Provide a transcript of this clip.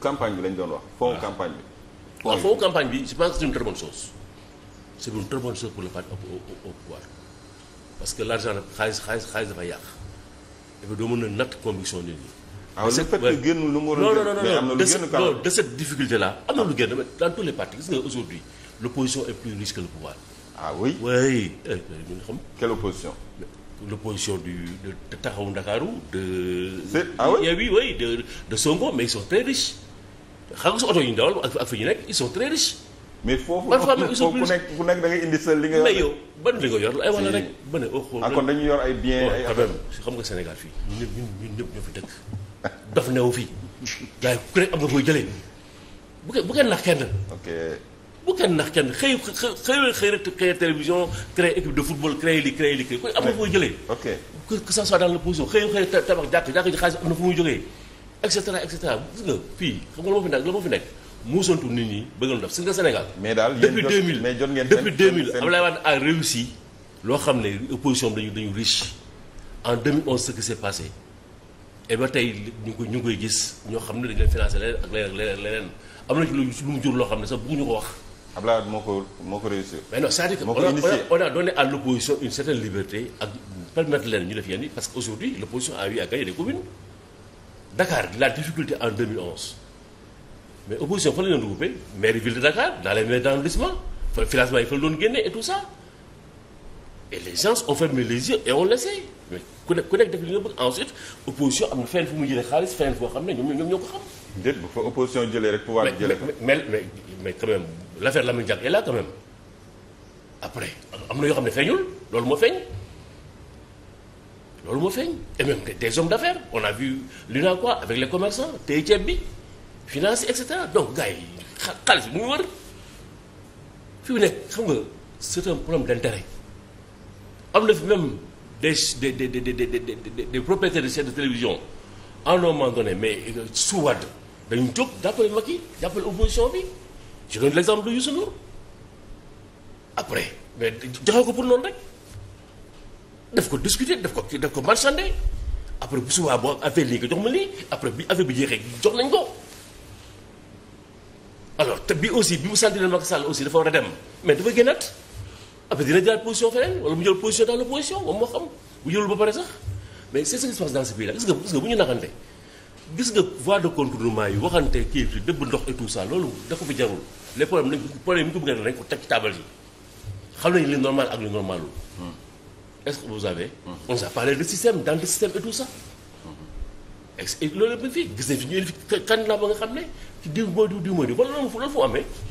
campagne bi lañ doon wax. fond ah. campagne bi. waaw fond campagne bi je pense que c'est une très bonne chose. c'est une très bonne chose pour le parti au pouvoir parce que l'argent xaalis xaalis xaalis dafa yàq et doo mën a natt conviction nit ñi. waaw ah, le fait que génn lu mu war a génn mais am na lu génn non de cette difficulté là am na lu ah. génn dans tous les partis gis nga aujourd'hui l'opposition est plus riche que le pouvoir. ah oui oui. Eh, eh, quelle opposition. l'opposition du de Taxawu Ndakaaru de. ah oui oui de de Sonko mais ils sont très riches. xam nga sa oto yi ñu dawal ak fi ñu nekk ils sont très riches. mais foofu parfois même ils sont plus. ku nekk ku nekk da ngay indi sa li nga. mais yow ban li nga yor ay wala rek. ba ne au oh, xool ah, kon dañu yor ay biens ay affaires xam nga Sénégal fii ñun ñun ñun ñëpp ñoo fi dëkk. dof newu fii gars yi ku nekk am nga koy jëlee bu kenn bu kenn nax kenn. ok bu kenn nax kenn xëy xëy xëy rek créer télévision créer équipe de football créer li créer li créer ku am nga koy jëlee. ok que ça soit dans l'opposition xëy xëy tabax jàkk jàkk ji xaalis am na fu muy jógee. et cetera et cetera gis nga fii xam nga la ma fi nekk la ma fi nekk muusantu nit ñi bëgg na def si nga Sénégal. mais daal depuis 2000 mais jot ngeen depuis 2000 Abdoulaye Wade a réussi loo xam ne opposition bi dañu dañu riche en 2011 ce qui s'est passé et ba tey ñu ngi koy ñu ngi koy gis ñoo xam ne dañu leen financé leneen ak leneen ak leneen am na ci lu mu jur loo xam ne sax bëgguñu ko wax. Abdoulaye Wade moo ko moo ko réussir. mais non c'est-à-dire que on a on a donné une certaine liberté ak permettre leen ñu def yenn parce que aujourd'hui l'opposition Dakar la difficulté en 2011 mais opposition fa la doon regroupé mairie ville de Dakar dans les maires d'arrondissement financement yi fa la doon génne et tout ça et les gens ont fermé les yeux et ont laissé mais ku nekk ku nekk def li nga bëgg ensuite opposition am na fenn fu mu jëlee xaalis fenn foo xam ne ñoom ñoom ñoo ko xam. déet bu fa opposition jëlee rek pouvoir jëlee ko mais mais mais quand même l'affaire Lamine Diack est là quand même après am na yoo xam ne feeñul loolu moo feeñ. loolu moo feeñ et même des hommes d'affaires on a vu l'UNACOIS avec les commerçants tey ceeb bi finance et cetera donc gars yi xaalis bi mu wër fi mu nekk xam nga c'est un problème d'intérêt am na fi même des des des des de des des propriétaires de chaînes de télévision à un mais euh, su Wade dañu jóg jàppale yi jàppale opposition bi je donne l'exemple de sa Ndour après mais joxe ko pour noonu rek. def ko discuter daf ko daf ko marchander après bu subaa boo affaire lii nga jox ma lii après bi affaire bi jeexee jox nañ ko. alors te bi aussi bi mu sentir ne Macky Sall aussi dafa war a dem mais dafa génnaat après dina jëlaat position feneen wala mu jël position dans l'opposition moom moo xam bu jëlul ba pare sax mais c'est ce qui se passe dans ce pays là gis nga gis nga bu ñu naxante gis nga voie de contournement yi waxante kii bi dëbb ndox et tout ça loolu dafa fi jarul les problèmes lañ yi xam nañu li normal ak li est-ce que vous avez. on nous a parlé de système dans le système et tout loolu yëpp a fi gis nañ fi ñu fi candidat ba nga xam ne ci diw boobu diw mooy diw kon loolu fu loolu fu amee.